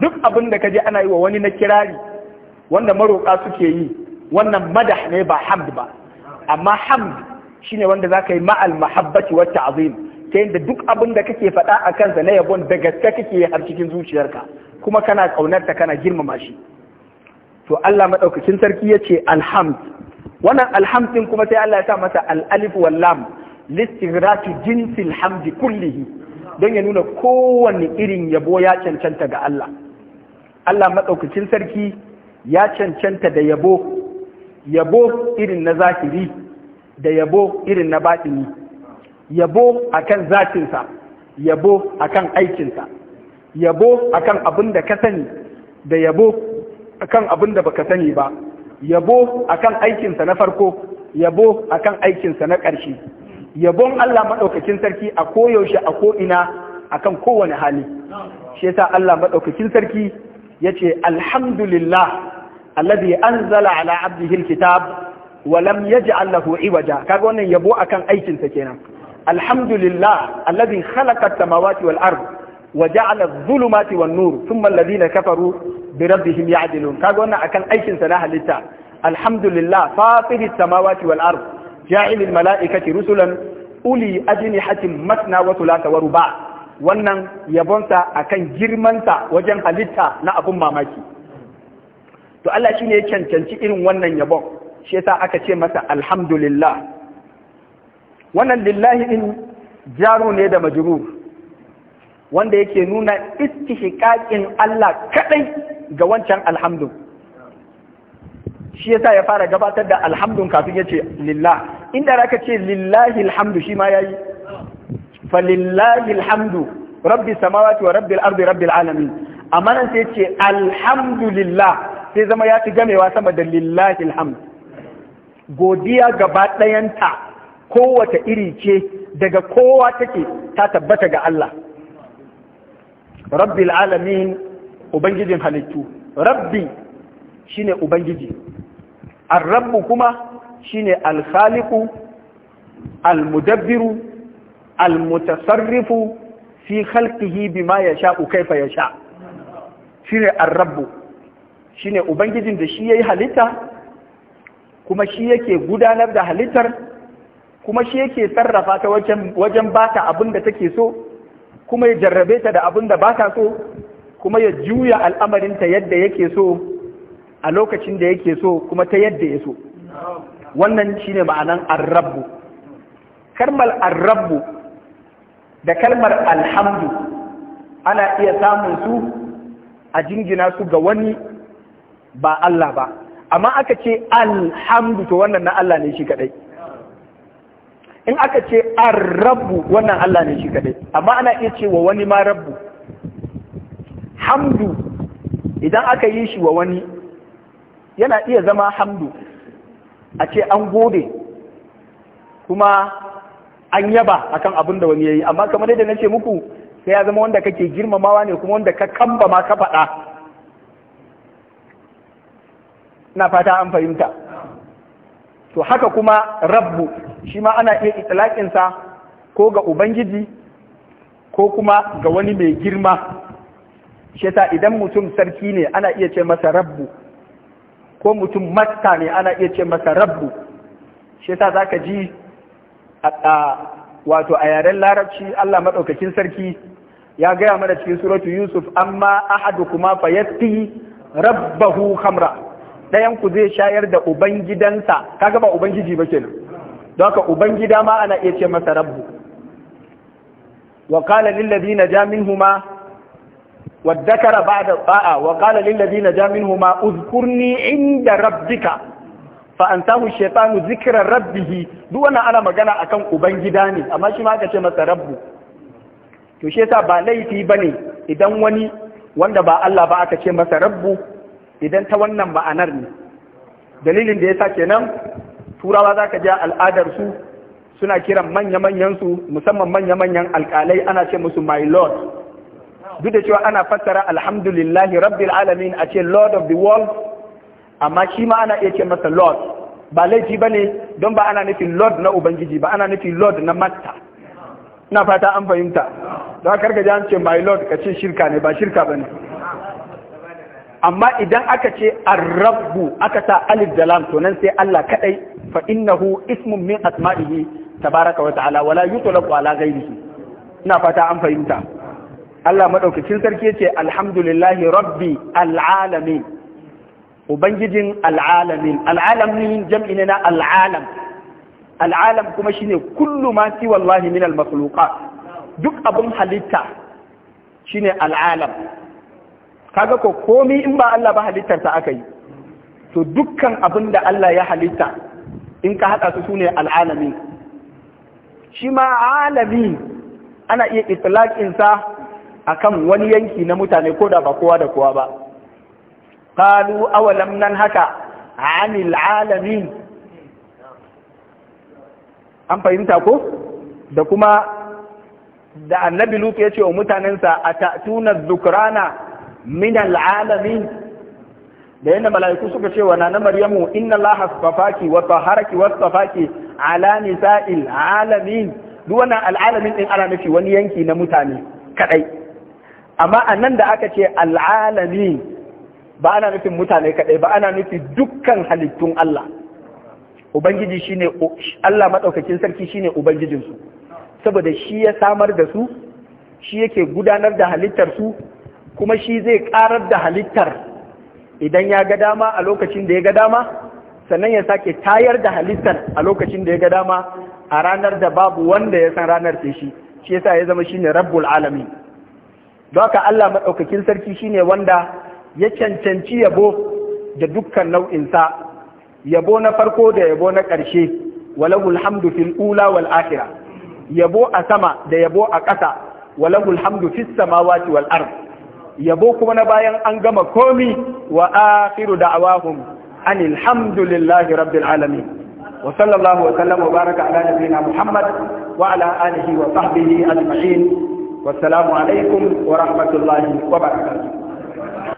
duk abin da kaje ana yi wa wani na kirari wanda maroƙa suke yi wannan madah ne ba hamd ba amma hamd shine wanda zaka yi ma'al mahabbati wacce ta'zim ta yadda duk abin da kake faɗa a kansa na yabon da gaske kake har cikin zuciyarka kuma kana ƙaunarta kana girmama shi to Allah madaukakin sarki yace alhamd wannan alhamd ɗin kuma sai Allah ya sa masa al-alif wal lam rati jinsil hamdi kullihi don ya nuna kowanne irin yabo ya cancanta ga Allah Allah madaukakin sarki ya cancanta da yabo yabo irin na zahiri da yabo irin na baɗini yabo akan zatinsa yabo akan aikinsa yabo akan abin da ka sani da yabo akan abin da baka sani ba yabo akan aikinsa na farko yabo akan aikinsa na ƙarshe yabon Allah maɗaukakin sarki a koyaushe a ko'ina akan kowane hali shi yasa Allah maɗaukakin sarki ya ce alhamdulillah alladhi anzala ala abdihi alkitab wa lam yaj'al lahu iwaja kaga wannan yabo akan aikinsa kenan alhamdulillah alladhi khalaqa as-samawati wal ard wa ja'ala adh-dhulumati wan-nur thumma alladhina kafaru bi rabbihim ya'dilun kaga wannan akan aikin sa na halitta alhamdulillah fatiris samawati wal ard ja'il al-mala'ikati rusulan uli ajnihatin masna wa thulatha wa ruba wannan yabonsa akan girmansa wajen halitta na abun mamaki to Allah shine ya cancanci irin wannan yabon shi yasa aka ce masa alhamdulillah wannan lillahi in jaro ne da majrur wanda yake nuna istihqaqin Allah kaɗai ga wancan alhamdu shi yasa ya fara gabatar da alhamdun kafin ya ce lillah inda raka ce lillahi alhamdu shi ma yayi fa lillahi alhamdu rabbi samawati wa rabbil ardi rabbil alamin amma nan sai ce alhamdulillah sai zama ya ci gamewa sama da lillahi alhamdu godiya gaba ɗayanta kowace iri ce daga kowa take ta tabbata ga Allah Rabbi al’alamin ubangijin halittu rabbi shine ubangiji ar-rabbu kuma shine al-khaliqu al-mudabbiru al-mutasarrifu fi khalqihi bima yasha'u kaifa yasha shine ar-rabbu shine ubangijin da shi yayi halitta kuma shi yake gudanar da halittar kuma shi yake sarrafa ta wajen bata abin da take so kuma ya jarrabe ta da abin da ba ta so kuma ya juya al'amarinta yadda yake so a lokacin da yake so kuma ta yadda ya so wannan shine ma'anan arrabu kalmar arrabu da kalmar alhamdu ana iya samun su a jingina su ga wani ba Allah ba amma aka ce alhamdu to wannan na Allah ne shi kadai in aka ce an rabu wannan Allah ne shi kadai amma ana iya ce wa wani ma rabu. hamdu idan aka yi shi wa wani yana iya zama hamdu a ce an gobe kuma an yaba akan abin da wani ya yi amma kamar yadda na ce muku sai ya zama wanda kake girmamawa ne kuma wanda ka kamba ma ka faɗa na fata an fahimta to haka kuma rabbu shi ma ana iya itlaƙinsa ko ga ubangiji ko kuma ga wani mai girma shi idan mutum sarki ne ana iya ce masa rabbu ko mutum matta ne ana iya ce masa rabbu shi za ka ji a wato a yaren larabci Allah maɗaukakin sarki ya gaya mana cikin suratu Yusuf amma ahadu kuma yasqi rabbahu khamra ɗayan ku zai shayar da ubangidansa Ka gaba ubangiji ba ke nan. don haka ubangida ma ana iya ce masa rabbu wa qala na jamin huma waddakara ba ba'da ba'a wa qala na jamin huma uzkurni inda rabbika fa antahu zikirar zikra duk wannan ana magana akan ubangida ne amma shi ma aka ce masa rabbu to shi ba laifi ba ne idan wani wanda ba Allah ba aka ce masa rabbu idan ta wannan ma'anar ne dalilin da ya sa kenan turawa za ka ja al'adarsu suna kiran manya manyansu musamman manya-manyan alkalai ana ce musu my lord duk da cewa ana fassara alhamdulillahi rabbil alamin a ce lord of the world amma shi ma ana iya ce masa lord ba laifi ba ne don ba ana nufin lord na ubangiji ba ana nufin lord na matta ina fata an fahimta don karka ji an ce my lord ka ce shirka ne ba shirka ba ne amma idan aka ce ar aka sa alif da lam to nan sai Allah kadai fa innahu ismun min asma'ihi tabaraka wa ta'ala wala yutlaqu ala ghairihi ina fata an fahimta Allah madaukakin sarki yace alhamdulillahi rabbi alalamin ubangijin alalamin alalamin jam'i ne na alalam al'alam kuma shine kullu ma si wallahi min al duk abun halitta shine al'alam kaga ko komi in ba Allah ba halittarsa aka yi to dukkan abin da Allah ya halitta in ka haɗa su sune al'alami shi ma alami ana iya sa akan wani yanki na mutane ko da ba kowa da kowa ba qalu awalam nan haka anil alamin an fahimta ko da kuma da annabi Lutu ya ce wa mutanensa a ta'tuna zukrana min al'alamin da yadda mala'iku suka ce wa na maryamu inna allaha astafaki wa taharaki wa astafaki ala nisa'il alamin duk wannan al'alamin din ana nufi wani yanki na mutane kadai amma anan da aka ce al'alamin ba ana nufin mutane kadai ba ana nufi dukkan halittun Allah ubangiji shine Allah madaukakin sarki shine ubangijinsu saboda shi ya samar da su shi yake gudanar da halittar su kuma shi zai ƙarar da halittar idan ya ga dama a lokacin da ya ga dama sannan ya sake tayar da halittar a lokacin da ya ga dama a ranar da babu wanda ya san ranar ce shi shi yasa ya zama shine rabbul alamin don haka Allah maɗaukakin sarki shine wanda ya cancanci yabo da dukkan nau'insa yabo na farko da yabo na ƙarshe walahul hamdu fil ula wal akhirah yabo a sama da yabo a ƙasa walahul hamdu fis samawati wal ardh yabo kuma na bayan an gama komi wa akhiru da'awahum anil hamdulillahi rabbil alamin wa sallallahu wa sallam wa baraka ala nabiyyina muhammad wa ala alihi wa sahbihi ajma'in wassalamu alaikum wa rahmatullahi wa barakatuh